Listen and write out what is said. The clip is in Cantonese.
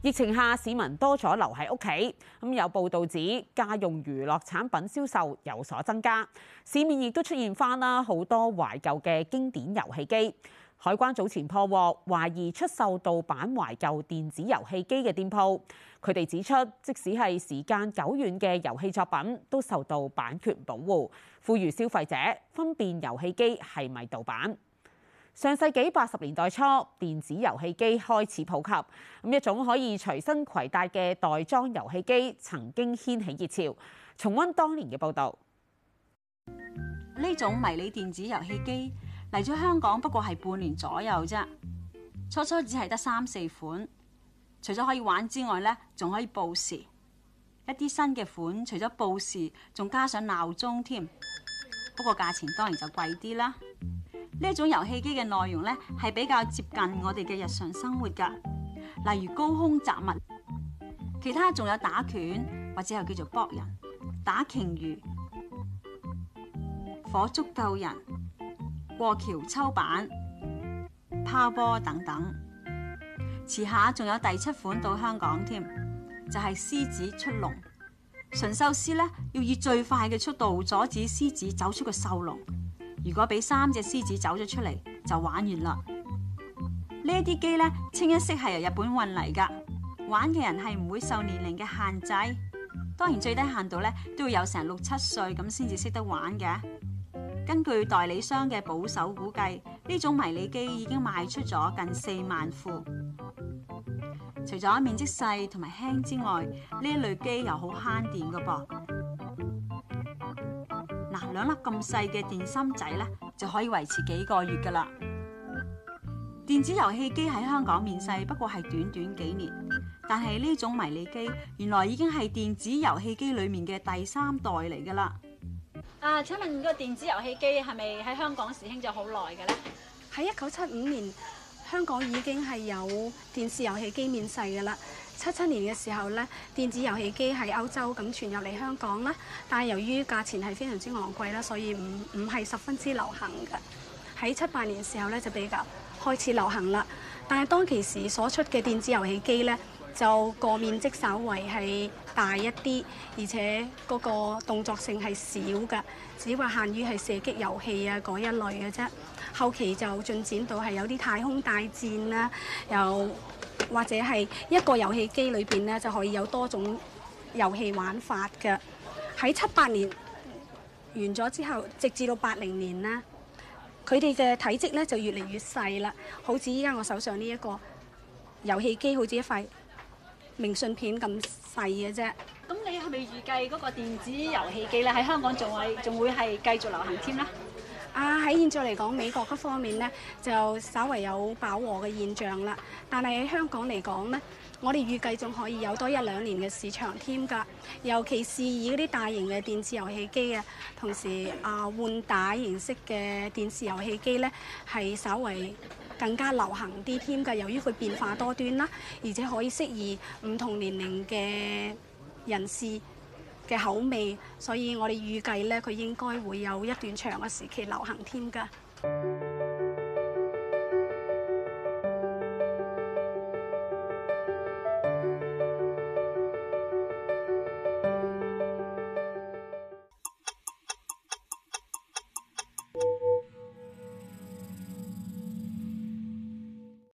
疫情下市民多咗留喺屋企，咁有報道指家用娛樂產品銷售有所增加，市面亦都出現翻啦好多懷舊嘅經典遊戲機。海關早前破獲懷疑出售盜版懷舊電子遊戲機嘅店鋪，佢哋指出，即使係時間久遠嘅遊戲作品都受到版權保護，呼籲消費者分辨遊戲機係咪盜版。上世紀八十年代初，電子遊戲機開始普及。咁一種可以隨身攜帶嘅袋裝遊戲機曾經掀起熱潮。重溫當年嘅報道。呢種迷你電子遊戲機嚟咗香港不過係半年左右啫。初初只係得三四款，除咗可以玩之外咧，仲可以報時。一啲新嘅款除咗報時，仲加上鬧鐘添。不過價錢當然就貴啲啦。呢種遊戲機嘅內容呢，係比較接近我哋嘅日常生活㗎，例如高空雜物，其他仲有打拳或者又叫做搏人、打鯨魚、火燭救人、過橋抽板、拋波等等。遲下仲有第七款到香港添，就係、是、獅子出籠」。馴獸師呢，要以最快嘅速度阻止獅子走出個獸籠。如果俾三隻獅子走咗出嚟，就玩完啦。呢啲機呢，清一色係由日本運嚟㗎。玩嘅人係唔會受年齡嘅限制，當然最低限度咧都要有成六七歲咁先至識得玩嘅。根據代理商嘅保守估計，呢種迷你機已經賣出咗近四萬副。除咗面積細同埋輕之外，呢一類機又好慳電㗎噃。啊，兩粒咁細嘅電芯仔咧，就可以維持幾個月噶啦。電子遊戲機喺香港面世，不過係短短幾年，但係呢種迷你機原來已經係電子遊戲機裏面嘅第三代嚟噶啦。啊，請問個電子遊戲機係咪喺香港時興咗好耐嘅咧？喺一九七五年，香港已經係有電視遊戲機面世噶啦。七七年嘅時候咧，電子遊戲機喺歐洲咁傳入嚟香港啦，但係由於價錢係非常之昂貴啦，所以唔唔係十分之流行嘅。喺七八年時候咧，就比較開始流行啦。但係當其時所出嘅電子遊戲機咧，就個面積稍為係大一啲，而且嗰個動作性係少嘅，只話限於係射擊遊戲啊嗰一類嘅啫。後期就進展到係有啲太空大戰啦，有。或者係一個遊戲機裏邊咧，就可以有多種遊戲玩法嘅。喺七八年完咗之後，直至到八零年咧，佢哋嘅體積咧就越嚟越細啦。好似依家我手上呢一個遊戲機，好似一塊明信片咁細嘅啫。咁你係咪預計嗰個電子遊戲機咧喺香港仲係仲會係繼續流行添咧？啊！喺現在嚟講，美國嗰方面呢，就稍為有飽和嘅現象啦。但係喺香港嚟講呢，我哋預計仲可以有多一兩年嘅市場添㗎。尤其是以嗰啲大型嘅電子遊戲機啊，同時啊換帶形式嘅電視遊戲機呢，係稍為更加流行啲添㗎。由於佢變化多端啦，而且可以適宜唔同年齡嘅人士嘅口味，所以我哋預計咧，佢應該會有一段長嘅時期流行添㗎。